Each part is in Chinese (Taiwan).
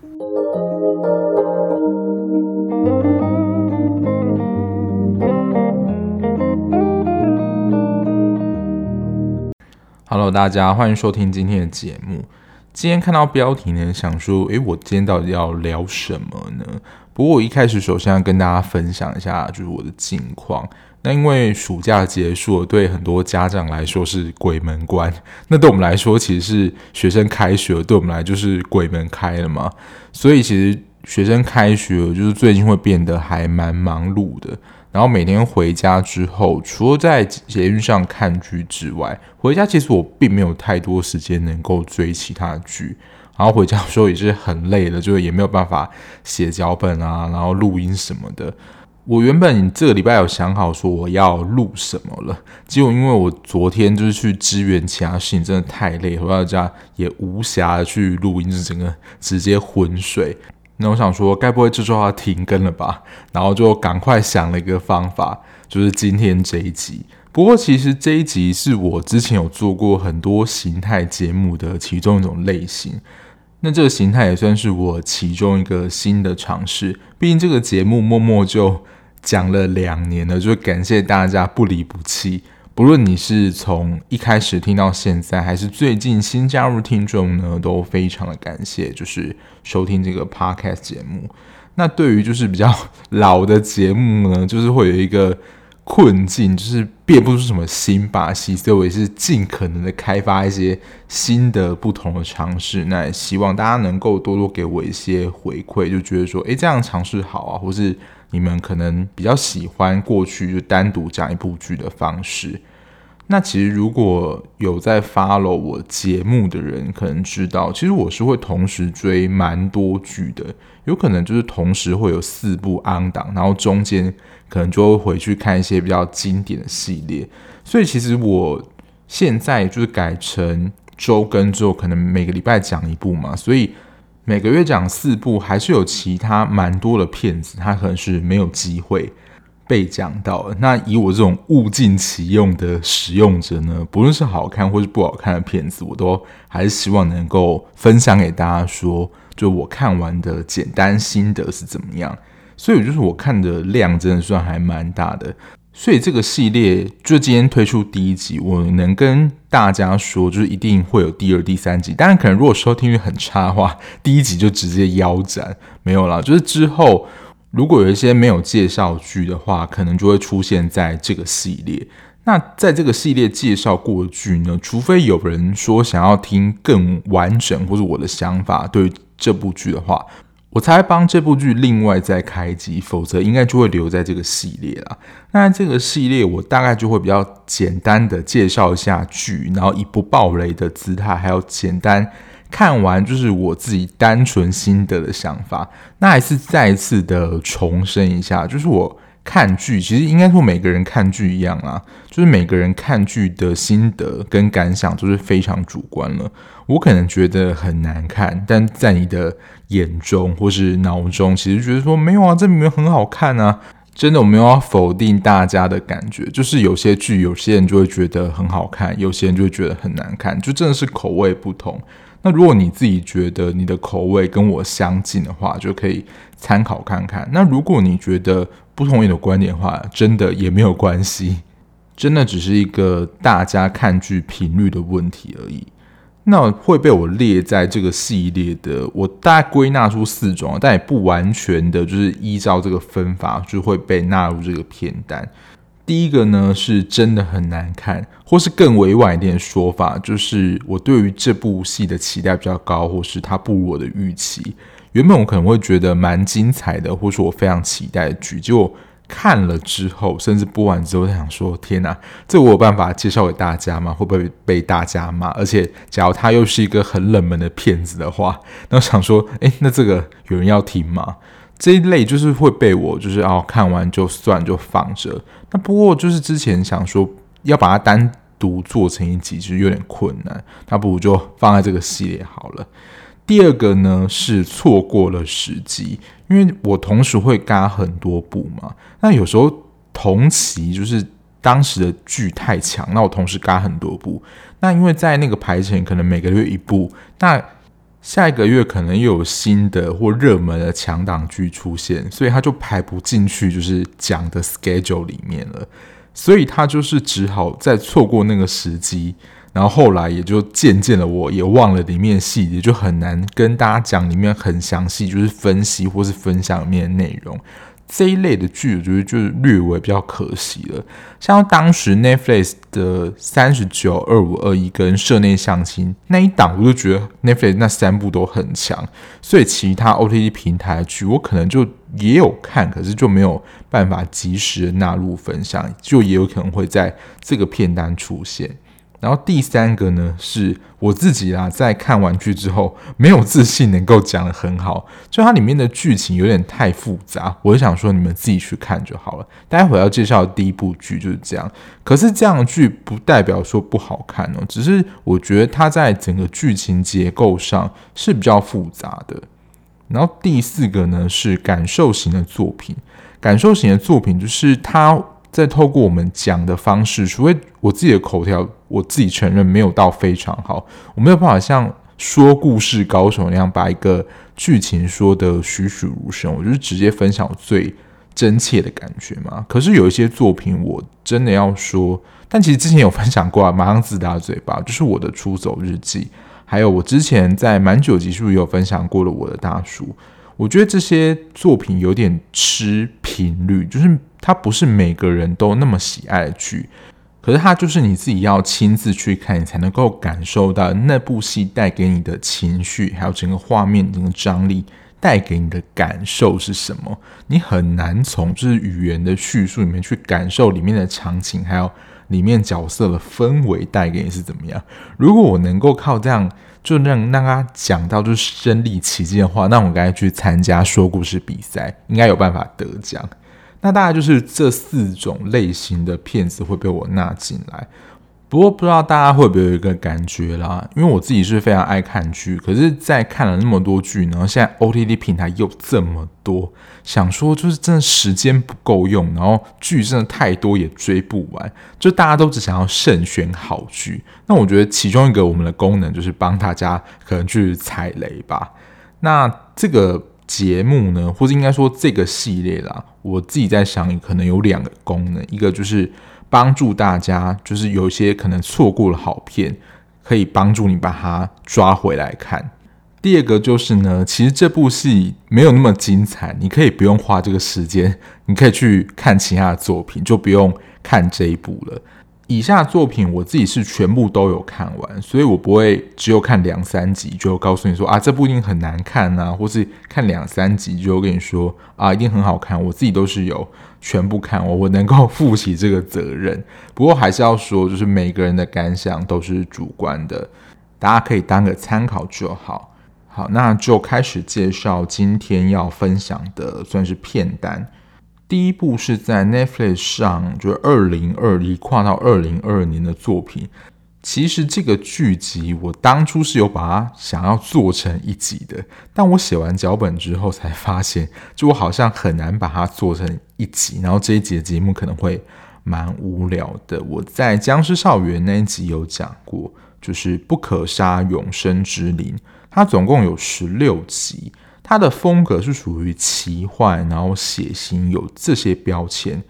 Hello，大家，歡迎收聽今天的節目。今天看到標題呢，想說，誒、欸，我今天到底要聊什麼呢？不過我一開始首先要跟大家分享一下，就是我的近況。那因為暑假結束了，對很多家長來說是鬼門關，那對我們來說，其實是學生開學，對我們來就是鬼門開了嘛。所以其實學生開學，就是最近會變得還蠻忙碌的。然後每天回家之後，除了在捷運上看劇之外，回家其實我並沒有太多時間能夠追其他的劇。然後回家的時候也是很累的，就是也沒有辦法寫腳本啊，然後錄音什麼的。我原本這個禮拜有想好說我要錄什麼了，結果因為我昨天就是去支援其他事情，真的太累，回到家也無暇去錄音，就整個直接昏睡。那我想說，該不會這週要停更了吧？然後就趕快想了一個方法，就是今天這一集。不過其實這一集是我之前有做過很多型態節目的其中一種類型。那這個型態也算是我其中一個新的嘗試。畢竟這個節目默默就講了兩年了，就感謝大家不離不棄。不論你是從一開始聽到現在，還是最近新加入聽眾呢，都非常的感謝，就是收聽這個 podcast 節目。那對於就是比較老的節目呢，就是會有一個困境，就是變不出什麼新把戲，所以我也是盡可能的開發一些新的、不同的嘗試。那也希望大家能夠多多給我一些回饋，就覺得說，誒，欸，這樣嘗試好啊，或是。你們可能比較喜歡過去就單獨講一部劇的方式。那其實如果有在 follow 我節目的人，可能知道，其實我是會同時追蠻多劇的，有可能就是同時會有四部 on 檔，然後中間可能就會回去看一些比較經典的系列。所以其實我現在就是改成週更之後，可能每個禮拜講一部嘛，所以。每個月講四部，還是有其他蠻多的片子，他可能是沒有機會被講到的。那以我這種物盡其用的使用者呢，不論是好看或是不好看的片子，我都還是希望能夠分享給大家說，說就我看完的簡單心得是怎麼樣。所以就是我看的量真的算還蠻大的。所以這個系列就今天推出第一集，我能跟大家說，就是一定會有第二、第三集。當然，可能如果收聽率很差的話，第一集就直接腰斬。沒有啦，就是之後如果有一些沒有介紹劇的話，可能就會出現在這個系列。那在這個系列介紹過劇呢，除非有人說想要聽更完整，或者我的想法對於這部劇的話。我才幫這部劇另外再開集，否則應該就會留在這個系列啦。那這個系列我大概就會比較簡單的介紹一下劇，然後以不爆雷的姿態，還有簡單看完就是我自己單純心得的想法。那還是再一次的重申一下，就是我看劇其實應該跟每個人看劇一樣啊，就是每個人看劇的心得跟感想都是非常主觀了。我可能覺得很難看，但在你的。眼中，或是腦中，其實覺得說沒有啊，這裡面很好看啊。真的我沒有要否定大家的感覺，就是有些劇有些人就會覺得很好看，有些人就會覺得很難看，就真的是口味不同。那如果你自己覺得你的口味跟我相近的話，就可以參考看看。那如果你覺得不同意你的觀點的話，真的也沒有關係，真的只是一個大家看劇頻率的問題而已。那會被我列在這個系列的，我大概歸納出四種，但也不完全的，就是依照這個分法就會被納入這個片單。第一個呢，是真的很難看，或是更委婉一點的說法，就是我對於這部戲的期待比較高，或是它不如我的預期。原本我可能會覺得蠻精彩的，或是我非常期待的劇，結果，看了之後，甚至播完之後，想說：“天哪，這我有辦法介紹給大家嗎？會不會被大家罵？而且，假如它又是一個很冷門的片子的話，那我想說，欸，那這個有人要聽嗎？這一類就是會被我，就是，哦，看完就算，就放着。那不過就是之前想說要把它單獨做成一集，就有點困難，那不如就放在這個系列好了。”第二個呢是錯過了時機，因為我同時會嘎很多部嘛。那有時候同期就是當時的劇太強，那我同時嘎很多部。那因為在那個排程可能每個月一部，那下一個月可能又有新的或熱門的強檔劇出現，所以它就排不進去，就是講的 schedule 裡面了。所以它就是只好再錯過那個時機。然後後來也就漸漸的，我也忘了裡面的細節，就很難跟大家講裡面很詳細，就是分析或是分享裡面的內容這一類的劇，我覺得就是就略微比較可惜了。像當時 Netflix 的《三十九二五二一》跟《社內相親》那一檔，我就覺得 Netflix 那三部都很強，所以其他 OTT 平台的劇我可能就也有看，可是就沒有辦法及時納入分享，就也有可能會在這個片單出現。然後第三個呢，是我自己啦，在看完劇之後沒有自信能夠講得很好，就它裡面的劇情有點太複雜，我想說你們自己去看就好了。待會要介紹的第一部劇就是這樣，可是這樣的劇不代表說不好看哦，只是我覺得它在整個劇情結構上是比較複雜的。然後第四個呢，是感受型的作品，感受型的作品就是它。再透過我們講的方式，除非我自己的口條，我自己承認沒有到非常好，我沒有辦法像說故事高手那樣把一個劇情說得栩栩如生，我就是直接分享最真切的感覺嘛。可是有一些作品我真的要說，但其實之前有分享過啊，馬上自打嘴巴，就是我的《出走日記》，還有我之前在蠻久集數也有分享過了我的大叔。我覺得這些作品有點吃頻率，就是它不是每個人都那麼喜愛的劇，可是它就是你自己要親自去看，你才能夠感受到那部戲帶給你的情緒，還有整個畫面整、整個張力帶給你的感受是什麼。你很難從就是語言的敘述裡面去感受裡面的場景，還有裡面角色的氛圍帶給你是怎麼樣。如果我能夠靠這樣。就讓讓他講到就是身歷其境的話，那我該去參加說故事比賽，應該有辦法得獎。那大概就是這四種類型的片子會被我納進來。不過不知道大家會不會有一個感覺啦，因為我自己是非常愛看劇，可是，在看了那麼多劇，然後現在 OTD 平台又這麼多，想說就是真的時間不夠用，然後劇真的太多也追不完，就大家都只想要慎選好劇。那我覺得其中一個我們的功能就是幫大家可能去踩雷吧。那這個節目呢，或者應該說這個系列啦，我自己在想，可能有兩個功能，一個就是。幫助大家，就是有一些可能錯過了好片，可以幫助你把它抓回來看。第二個就是呢，其實這部戲沒有那麼精彩，你可以不用花這個時間，你可以去看其他的作品，就不用看這一部了。以下作品我自己是全部都有看完，所以我不會只有看兩三集就告訴你說，啊，這部一定很難看吶，啊，或是看兩三集就跟你說，啊一定很好看。我自己都是有全部看完，我能夠負起這個責任。不過還是要說，就是每個人的感想都是主觀的，大家可以當個參考就好。好，那就開始介紹今天要分享的，算是片單。第一部是在 Netflix 上，就是二零二一跨到二零二二年的作品。其實這個劇集我當初是有把它想要做成一集的，但我寫完腳本之後才發現，就我好像很難把它做成一集，然後這一集的節目可能會蠻無聊的。我在《殭屍校園》那一集有講過，就是不可殺永生之靈，它總共有十六集。他的風格是屬於奇幻，然後血腥，有這些標籤。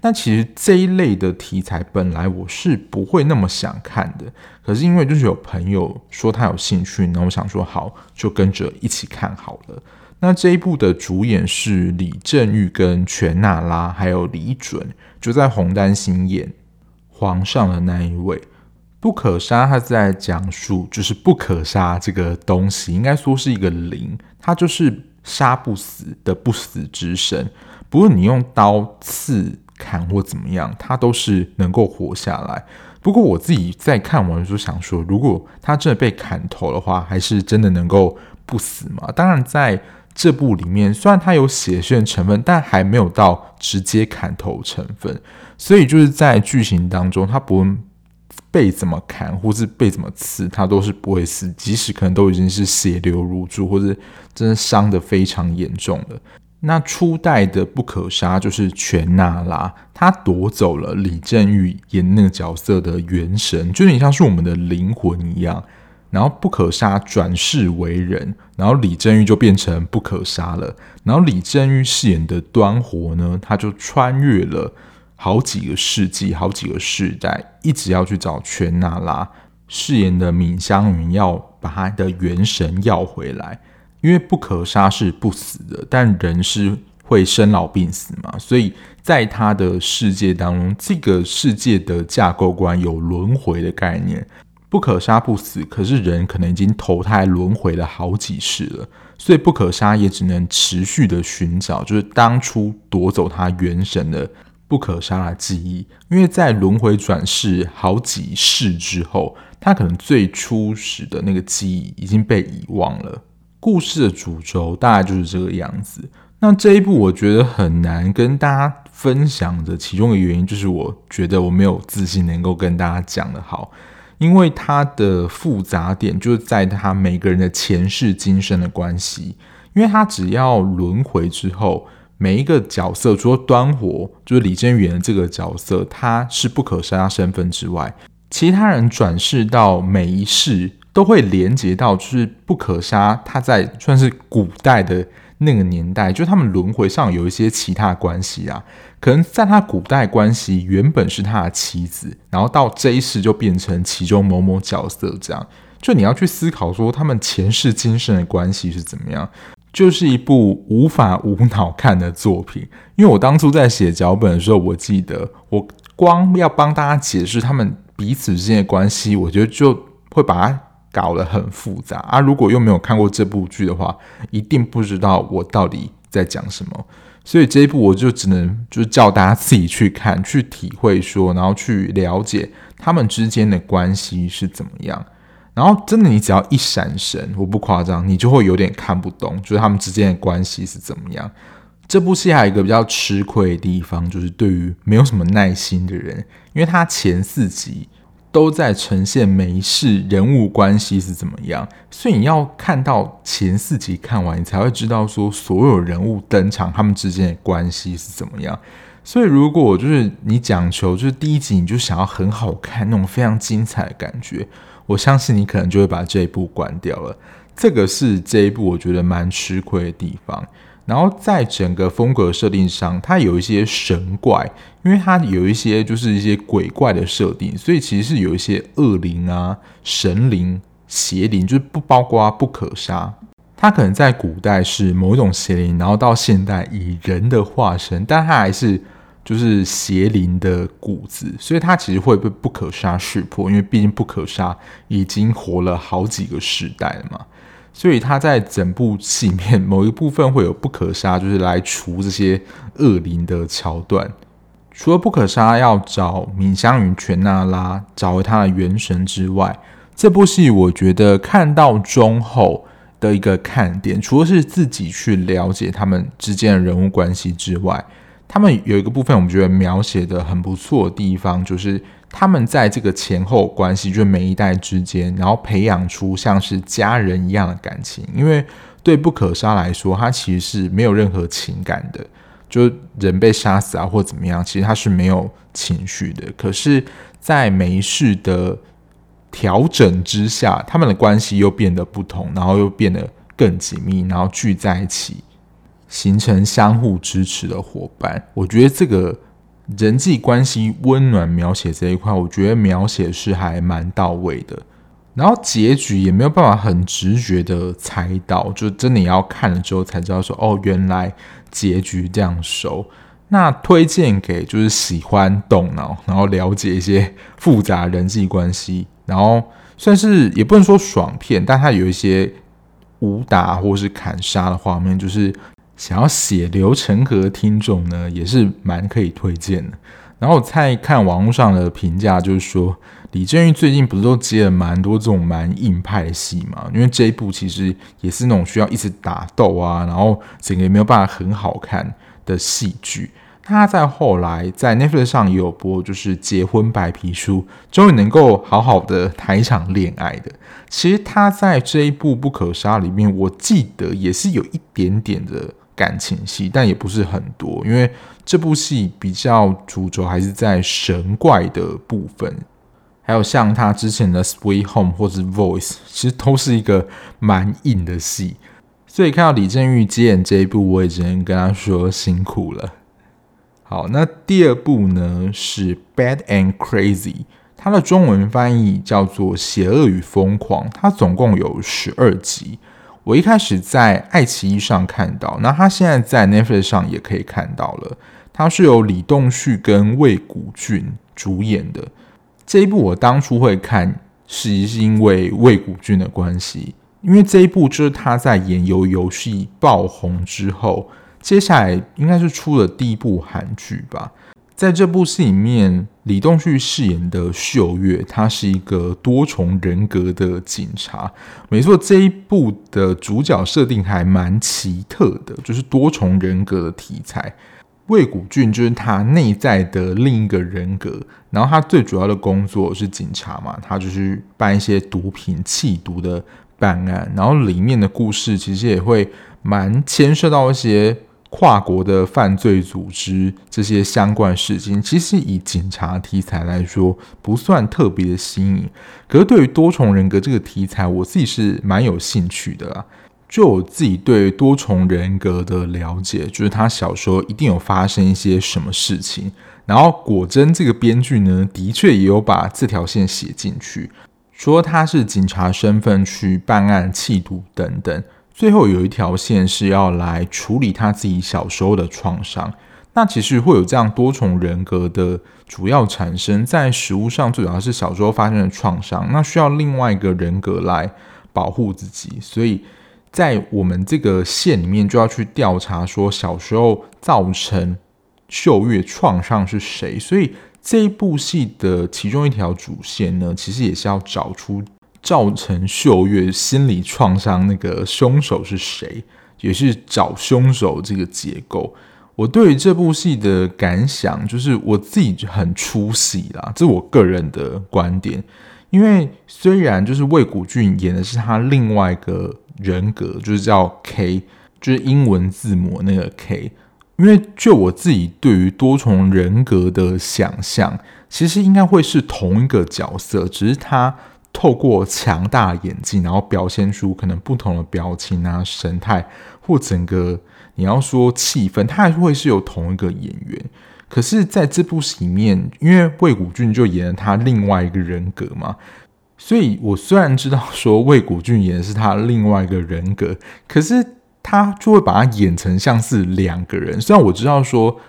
那其實這一類的題材本來我是不會那麼想看的，可是因為就是有朋友說他有興趣，然後我想說好，就跟着一起看好了。那這一部的主演是李鎮郁跟權娜拉，還有李准，就在洪丹星演皇上的那一位。不可殺，他在講述就是不可殺這個東西，應該說是一個靈，它就是殺不死的不死之神。不論你用刀刺、砍或怎麼樣，它都是能夠活下來。不過我自己在看完的時候想說，如果他真的被砍頭的話，還是真的能夠不死嗎？當然在這部裡面，雖然它有血腥成分，但還沒有到直接砍頭成分，所以就是在劇情當中，它不會。被怎麼砍，或是被怎麼刺，他都是不會死。即使可能都已經是血流如注，或是真的傷得非常嚴重了。那初代的不可殺就是權娜拉，他奪走了李陣郁演那個角色的元神，就有點像是我們的靈魂一樣。然後不可殺轉世為人，然後李陣郁就變成不可殺了。然後李陣郁飾演的檀活呢，他就穿越了。好幾個世紀，好幾個世代，一直要去找全娜拉飾演的閩香雲，要把他的元神要回來。因為不可殺是不死的，但人是會生老病死嘛，所以在他的世界當中，這個世界的架構觀有輪迴的概念，不可殺不死，可是人可能已經投胎輪迴了好幾世了，所以不可殺也只能持續的尋找，就是當初奪走他元神的。不可殺的記憶，因為在輪迴轉世好幾世之後，他可能最初始的那個記憶已經被遺忘了。故事的主軸大概就是這個樣子。那這一部我覺得很難跟大家分享的其中的原因，就是我覺得我沒有自信能夠跟大家講得好，因為它的複雜點就是在他每個人的前世今生的關係，因為他只要輪迴之後。每一個角色，除了檀活就是李建元的這個角色，他是不可殺身份之外，其他人轉世到每一世都會連接到，就是不可殺。他在算是古代的那個年代，就他們輪回上有一些其他的關係啊，可能在他古代關係原本是他的妻子，然後到這一世就變成其中某某角色這樣。就你要去思考說，他們前世今生的關係是怎麼樣。就是一部無法無腦看的作品，因為我當初在寫腳本的時候，我記得我光要幫大家解釋他們彼此之間的關係，我覺得就會把它搞得很複雜啊！如果又沒有看過這部劇的話，一定不知道我到底在講什麼。所以這一部我就只能就是叫大家自己去看、去體會說，然後去了解他們之間的關係是怎麼樣。然後真的，你只要一閃神，我不誇張，你就會有點看不懂，就是他們之間的關係是怎麼樣。這部戲還有一個比較吃虧的地方，就是對於沒有什麼耐心的人，因為他前四集都在呈現每一世人物關係是怎麼樣，所以你要看到前四集看完，你才會知道說所有人物登場，他們之間的關係是怎麼樣。所以如果就是你講求就是第一集你就想要很好看那種非常精彩的感覺。我相信你可能就會把這一部關掉了，這個是這一部我覺得蠻吃虧的地方。然後在整個風格設定上，它有一些神怪，因為它有一些就是一些鬼怪的設定，所以其實是有一些惡靈啊、神靈、邪靈，就是不包括不可殺。它可能在古代是某一種邪靈，然後到現代以人的化身，但它還是。就是邪靈的骨子，所以他其實會被不可殺識破，因為畢竟不可殺已經活了好幾個時代了嘛。所以他在整部戲面某一部分會有不可殺，就是來除這些惡靈的橋段。除了不可殺要找敏香與權娜拉找回他的元神之外，這部戲我覺得看到中後的一個看點，除了是自己去了解他們之間的人物關係之外。他們有一個部分，我們覺得描寫的很不錯的地方，就是他們在這個前後關係，就每一代之間，然後培養出像是家人一樣的感情。因為對不可殺來說，他其實是沒有任何情感的，就人被殺死啊，或怎麼樣，其實他是沒有情緒的。可是，在沒事的調整之下，他們的關係又變得不同，然後又變得更緊密，然後聚在一起。形成相互支持的夥伴，我覺得這個人際關係溫暖描寫這一塊，我覺得描寫是還蠻到位的。然後結局也沒有辦法很直覺的猜到，就真的要看了之後才知道說哦，原來結局這樣收。那推薦給就是喜歡動腦，然後了解一些複雜人際關係，然後算是也不能說爽片，但它有一些武打或是砍殺的畫面，就是。想要寫流程和聽眾呢，也是蠻可以推薦的。然後我再看網絡上的評價，就是說李正玉最近不是都接了蠻多這種蠻硬派的戲嘛？因為這一部其實也是那種需要一直打鬥啊，然後整個也沒有辦法很好看的戲劇。他在後來在 Netflix 上也有播，就是《結婚白皮書》，終於能夠好好的談一場戀愛的。其實他在這一部《不可殺》裡面，我記得也是有一點點的。感情戲，但也不是很多，因為這部戲比較主軸還是在神怪的部分，還有像他之前的《Sweet Home》或是《Voice》，其實都是一個蠻硬的戲，所以看到李陣郁接演這一部，我也只能跟他說辛苦了。好，那第二部呢是《Bad and Crazy》，它的中文翻譯叫做《邪惡與瘋狂》，它總共有十二集。我一開始在愛奇藝上看到，那他現在在 Netflix 上也可以看到了。他是由李棟旭跟魏谷俊主演的。這一部我當初會看，是因為魏谷俊的關係，因為這一部就是他在演由遊戲爆紅之後，接下來應該是出了第一部韓劇吧。在這部戲裡面。李棟旭飾演的秀月，他是一個多重人格的警察。沒錯，這一部的主角設定還蠻奇特的，就是多重人格的題材。魏古俊就是他內在的另一個人格，然後他最主要的工作是警察嘛，他就是辦一些毒品、緝毒的辦案。然後裡面的故事其實也會蠻牽涉到一些。跨國的犯罪組織這些相關事情，其實以警察題材來說不算特別的新穎。可是對於多重人格這個題材，我自己是蠻有興趣的啦。就我自己對多重人格的了解，就是他小時候一定有發生一些什麼事情。然後果真，這個編劇呢，的確也有把這條線寫進去，說他是警察身份去辦案，企圖等等。最後有一條線是要來處理他自己小時候的創傷，那其實會有這樣多重人格的主要產生在食物上，最主要是小時候發生的創傷，那需要另外一個人格來保護自己，所以在我們這個線裡面就要去調查說小時候造成秀月創傷是誰，所以這一部戲的其中一條主線呢，其實也是要找出。造成秀月心理創傷，那個兇手是誰？也是找兇手這個結構。我對於這部戲的感想就是，我自己很出戲啦，這是我個人的觀點。因為雖然就是魏谷俊演的是他另外一個人格，就是叫 K，就是英文字母那個 K。因為就我自己對於多重人格的想象，其實應該會是同一個角色，只是他。透過強大的演技，然後表現出可能不同的表情啊、神態或整個你要說氣氛，他還會是有同一個演員。可是，在這部戲裡面，因為魏古俊就演了他另外一個人格嘛，所以我雖然知道說魏古俊演的是他另外一個人格，可是他就會把他演成像是兩個人。雖然我知道說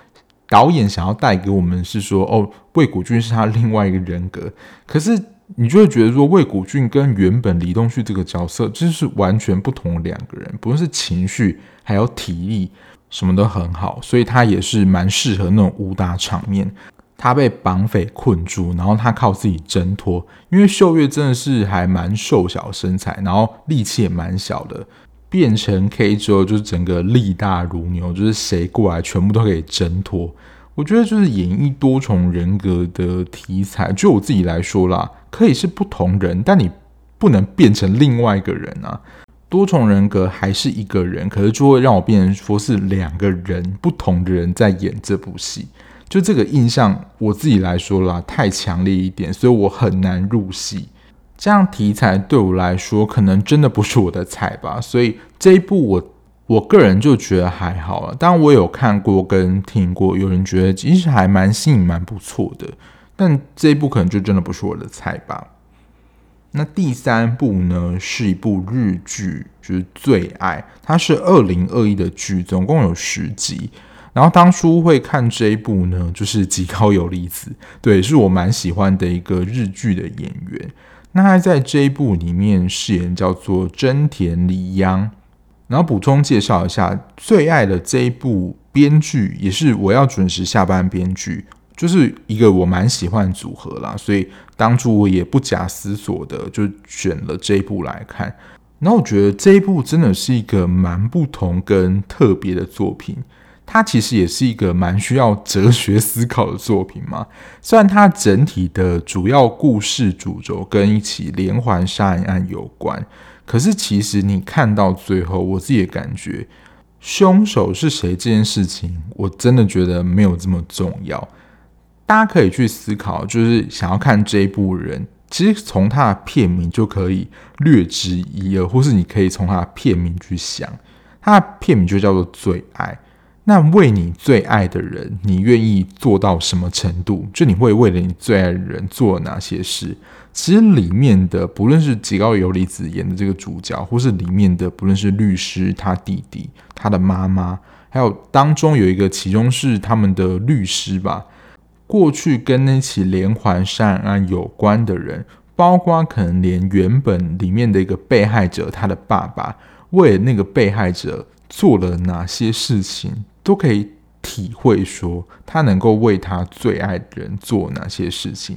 導演想要帶給我們是說，哦，魏古俊是他另外一個人格，可是。你就會覺得說魏嘏雋跟原本李東旭這個角色就是完全不同的兩個人，不論是情緒還有體力，什麼都很好，所以他也是蠻適合那種武打場面。他被綁匪困住，然後他靠自己掙脫。因為秀月真的是還蠻瘦小身材，然後力氣也蠻小的，變成 K 之後就是整個力大如牛，就是誰過來全部都可以掙脫。我覺得就是演繹多重人格的題材，就我自己來說啦。可以是不同人，但你不能變成另外一個人啊！多重人格還是一個人，可是就會讓我變成說是兩個人，不同的人在演這部戲。就這個印象，我自己來說啦，太強烈一點，所以我很難入戲。這樣題材對我來說，可能真的不是我的菜吧。所以這一部我我個人就覺得還好了啊。當然，我有看過跟聽過，有人覺得其實還蠻吸引，蠻不錯的。但這一部可能就真的不是我的菜吧。那第三部呢，是一部日劇，就是最愛，它是二零二一的劇，總共有十集。然後當初會看這一部呢，就是吉高由里子，對，是我蠻喜歡的一個日劇的演員。那他在這一部裡面飾演叫做真田理央。然後補充介紹一下，最愛的這一部編劇也是我要準時下班編劇。就是一個我蠻喜歡組合啦，所以當初我也不假思索的就選了這一部來看。那我覺得這一部真的是一個蠻不同跟特別的作品，它其實也是一個蠻需要哲學思考的作品嘛。雖然它整體的主要故事主軸跟一起連環殺人案有關，可是其實你看到最後，我自己也感覺兇手是誰這件事情，我真的覺得沒有這麼重要。大家可以去思考，就是想要看這一部人，其實從他的片名就可以略知一二，或是你可以從他的片名去想，他的片名就叫做《最愛》，那為你最愛的人，你願意做到什麼程度？就你會為了你最愛的人做了哪些事？其實裡面的不論是吉高由里子演的這個主角，或是裡面的不論是律師、他弟弟、他的媽媽，還有當中有一個，其中是他們的律師吧。過去跟那起連環殺人案有關的人，包括可能連原本裡面的一個被害者，他的爸爸為了那個被害者做了哪些事情，都可以體會說他能夠為他最愛的人做哪些事情。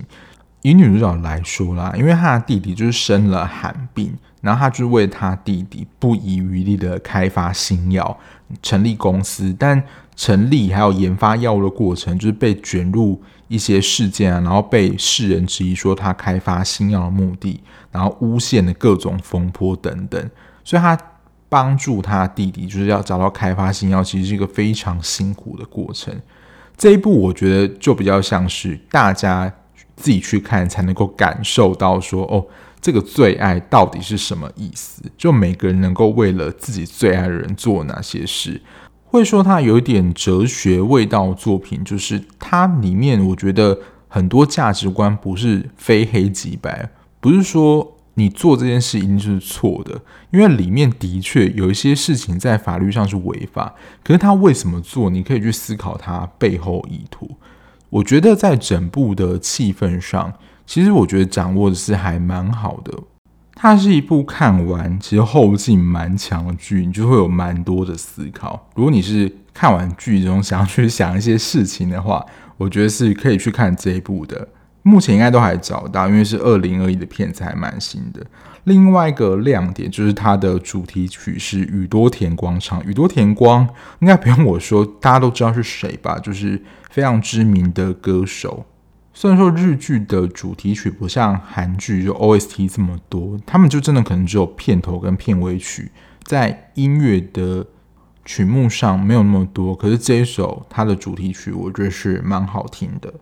以女主角來說啦，因為她的弟弟就是生了罕病，然後她就為她弟弟不遺餘力的開發新藥，成立公司，但，成立還有研發藥物的過程，就是被捲入一些事件啊，然後被世人質疑說他開發新藥的目的，然後誣陷的各種風波等等，所以他幫助他弟弟，就是要找到開發新藥，其實是一個非常辛苦的過程。這一部我覺得就比較像是大家自己去看，才能夠感受到說，哦，這個最愛到底是什麼意思？就每個人能夠為了自己最愛的人做哪些事。會說它有點哲學味道作品，就是它裡面我覺得很多價值觀不是非黑即白，不是說你做這件事一定是錯的，因為裡面的確有一些事情在法律上是違法，可是他為什麼做？你可以去思考他背後意圖。我覺得在整部的氣氛上，其實我覺得掌握的是還蠻好的。它是一部看完其實後勁蠻強的劇，你就會有蠻多的思考。如果你是看完劇中想要去想一些事情的話，我覺得是可以去看這一部的。目前應該都還找到，因為是二零二一的片子，還蠻新的。另外一個亮點就是它的主題曲是宇多田光唱，宇多田光應該不用我說，大家都知道是誰吧？就是非常知名的歌手。雖然說日劇的主題曲不像韓劇就 OST 這麼多，他們就真的可能只有片頭跟片尾曲，在音樂的曲目上沒有那麼多。可是這一首它的主題曲，我覺得是蠻好聽的。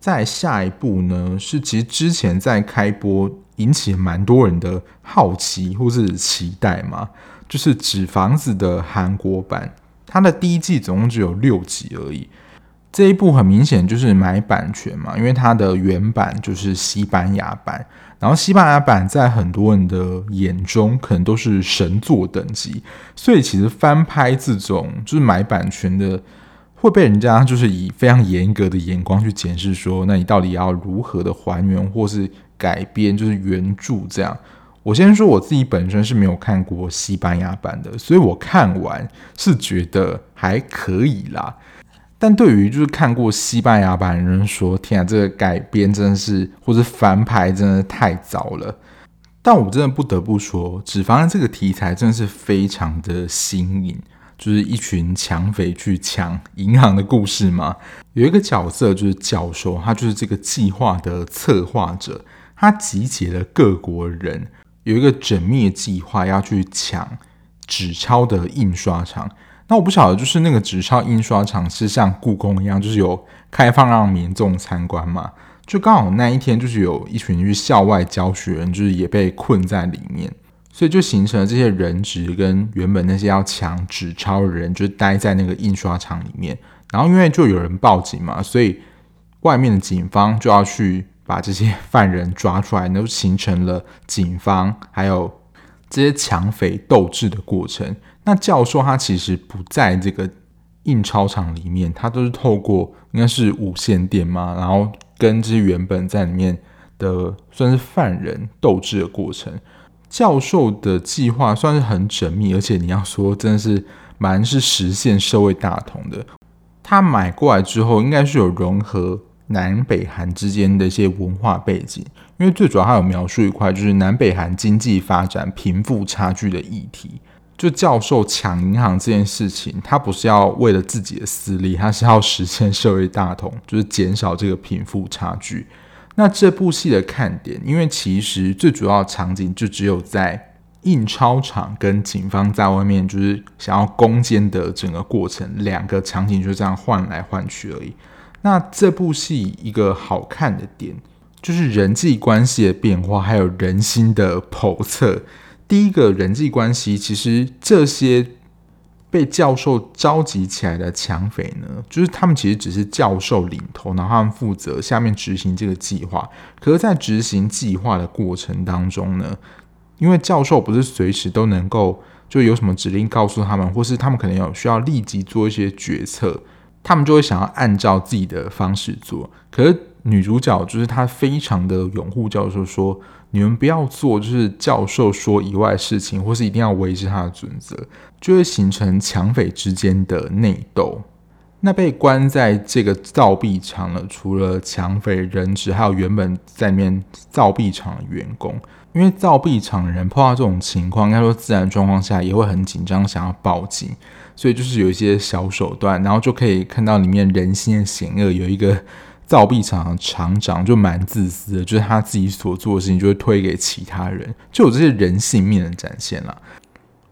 再下一部呢，是其實之前在開播引起蠻多人的好奇或是期待嘛，就是《紙房子》的韓國版，它的第一季總共只有六集而已。這一部很明顯就是買版權嘛，因為它的原版就是西班牙版，然後西班牙版在很多人的眼中可能都是神作等級，所以其實翻拍這種就是買版權的會被人家就是以非常嚴格的眼光去檢視，說那你到底要如何的還原或是改編就是原著這樣。我先說我自己本身是沒有看過西班牙版的，所以我看完是覺得還可以啦。但對於就是看過西班牙版的人說，天啊，這個改編真是，或是翻拍真的太早了。但我真的不得不說，紙房子這個題材真的是非常的新穎，就是一群搶匪去搶銀行的故事嘛。有一個角色就是教授，他就是這個計劃的策劃者，他集結了各國人，有一個縝密計劃要去搶紙鈔的印刷廠。那我不曉得，就是那個紙鈔印刷廠是像故宮一樣，就是有開放讓民眾參觀嘛？就剛好那一天，就是有一群去校外教學人，就是也被困在裡面，所以就形成了這些人質跟原本那些要搶紙鈔的人，就是待在那個印刷廠裡面。然後因為就有人報警嘛，所以外面的警方就要去把這些犯人抓出來，那就形成了警方還有。這些搶匪鬥智的過程，那教授他其實不在這個印鈔廠裡面，他都是透過應該是無線電嘛，然後跟這些原本在裡面的算是犯人鬥智的過程。教授的計劃算是很縝密，而且你要說真的是蠻是實現社會大同的。他買過來之後，應該是有融合南北韓之間的一些文化背景。因為最主要，它有描述一塊，就是南北韓經濟發展、貧富差距的議題。就教授搶銀行這件事情，他不是要為了自己的私利，他是要實現社會大同，就是減少這個貧富差距。那這部戲的看點，因為其實最主要的場景就只有在印鈔廠跟警方在外面，就是想要攻堅的整個過程，兩個場景就這樣換來換去而已。那這部戲一個好看的點。就是人際關係的變化，還有人心的叵測。第一個人際關係，其實這些被教授召集起來的搶匪呢，就是他們其實只是教授領頭，然後他們負責下面執行這個計劃。可是，在執行計劃的過程當中呢，因為教授不是隨時都能夠就有什麼指令告訴他們，或是他們可能有需要立即做一些決策，他們就會想要按照自己的方式做。可是。女主角就是她，非常的擁護教授，說你們不要做就是教授說以外的事情，或是一定要維持她的準則，就會形成搶匪之間的內鬥。那被關在這個造幣廠了，除了搶匪人質，還有原本在裡面造幣廠的員工，因為造幣廠的人碰到這種情況，應該說自然狀況下也會很緊張，想要報警，所以就是有一些小手段，然後就可以看到裡面人心的險惡，有一個，造幣廠廠長就蠻自私的，就是他自己所做的事情就會推給其他人，就有這些人性面的展現啦。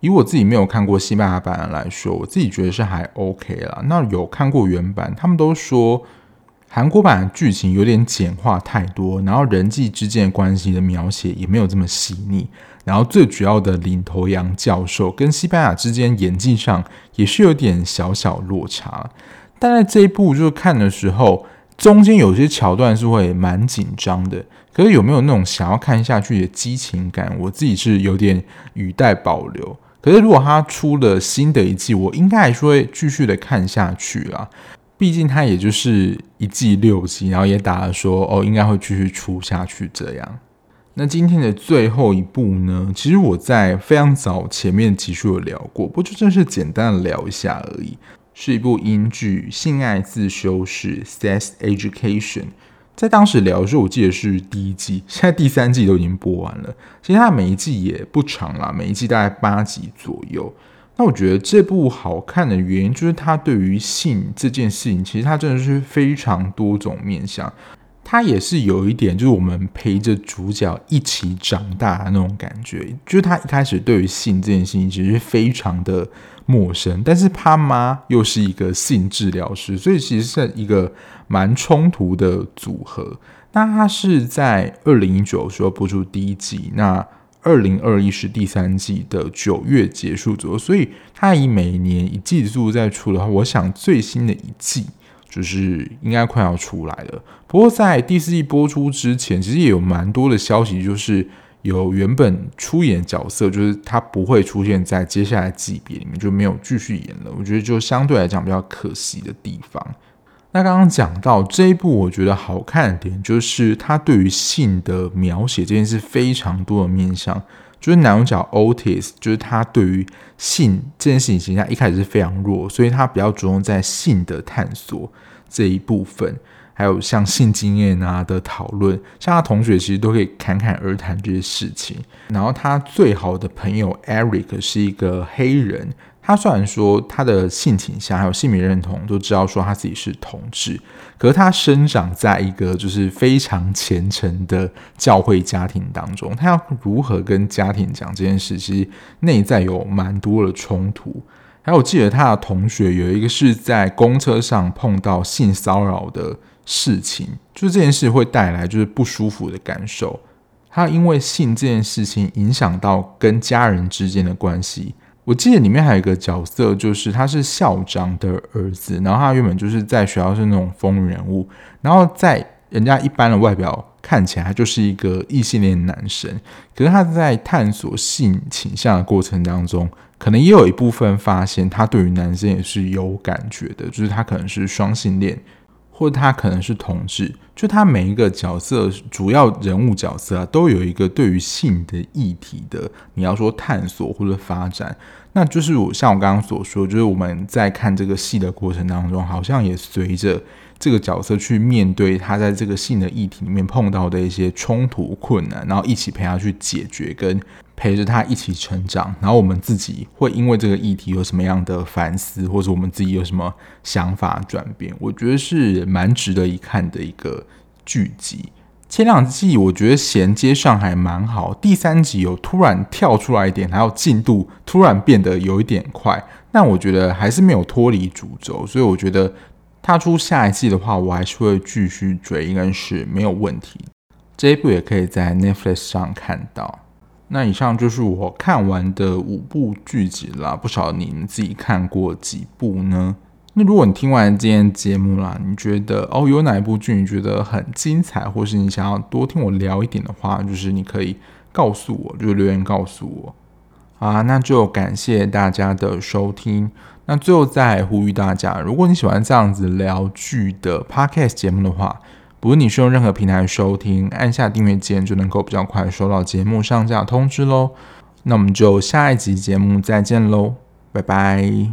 以我自己沒有看過西班牙版來說，我自己覺得是還 OK 啦。那有看過原版，他們都說韓國版的劇情有點簡化太多，然後人際之間關係的描寫也沒有這麼細膩。然後最主要的領頭羊教授跟西班牙之間演技上也是有點小小落差。但在這一部就是看的時候。中間有些橋段是會蠻緊張的，可是有沒有那種想要看下去的激情感，我自己是有點語帶保留。可是如果他出了新的一季，我應該還是會繼續的看下去啦，啊、畢竟它也就是一季六集，然後也打了說哦，應該會繼續出下去這樣。那今天的最後一部呢，其實我在非常早前面集數有聊過，不過就只是簡單的聊一下而已。是一部英劇《性愛自修室》（Sex Education）， 在當時聊的時候，我記得是第一季，現在第三季都已經播完了。其實它每一季也不長啦，每一季大概八集左右。那我覺得這部好看的原因，就是它對於性這件事情，其實它真的是非常多種面向。它也是有一點，就是我們陪着主角一起長大的那種感覺。就是他一開始對於性這件事情，其實是非常的陌生，但是他媽又是一個性治療師，所以其實是一個蠻衝突的組合。那他是在二零一九的時候播出第一季，那二零二一是第三季的九月結束左右，所以他以每年一季的速度在出的話，我想最新的一季就是應該快要出來了。不過在第四季播出之前，其實也有蠻多的消息，就是。有原本出演角色，就是他不會出現在接下來的級別裡面，就沒有繼續演了。我覺得就相對來講比較可惜的地方。那剛剛講到這一部，我覺得好看的點就是他對於性的描寫這件事非常多的面向。就是男主角 Otis，就是他對於性這件事情形象一開始是非常弱，所以他比較着重在性的探索這一部分。還有像性經驗啊的討論，像他同學其實都可以侃侃而談這些事情。然後他最好的朋友 Eric 是一個黑人，他雖然說他的性傾向還有性別認同都知道說他自己是同志，可是他生長在一個就是非常虔誠的教會家庭當中，他要如何跟家庭講這件事，其實內在有蠻多的衝突。還有我記得他的同學有一個是在公車上碰到性騷擾的。事情就是這件事會帶來就是不舒服的感受。他因為性這件事情影響到跟家人之間的關係。我記得裡面還有一個角色，就是他是校長的兒子，然後他原本就是在學校是那種風雲人物，然後在人家一般的外表看起來，他就是一個異性戀的男生。可是他在探索性傾向的過程當中，可能也有一部分發現，他對於男生也是有感覺的，就是他可能是雙性戀。或者他可能是同志，就他每一個角色，主要人物角色啊，都有一個對於性的議題的，你要說探索或者發展，那就是我像我剛剛所說，就是我們在看這個戲的過程當中，好像也隨着這個角色去面對他在這個性的議題裡面碰到的一些衝突困難，然後一起陪他去解決跟。陪着他一起成長，然後我們自己會因為這個議題有什麼樣的反思，或者我們自己有什麼想法轉變，我覺得是蠻值得一看的一個劇集。前兩季我覺得銜接上還蠻好，第三集有突然跳出來一點，然後進度突然變得有一點快，那我覺得還是沒有脫離主軸，所以我覺得踏出下一季的話，我還是會繼續追，應該是沒有問題。這一部也可以在 Netflix 上看到。那以上就是我看完的五部劇集啦，不曉得您自己看過幾部呢？那如果你聽完今天節目啦，你覺得哦有哪一部劇你覺得很精彩，或是你想要多聽我聊一點的話，就是你可以告訴我，就留言告訴我。啊，那就感謝大家的收聽。那最後再呼籲大家，如果你喜歡這樣子聊劇的 podcast 節目的話，如果你是用任何平台收聽，按下訂閱鍵就能夠比較快收到節目上架通知嘍。那我們就下一集節目再見嘍，拜拜。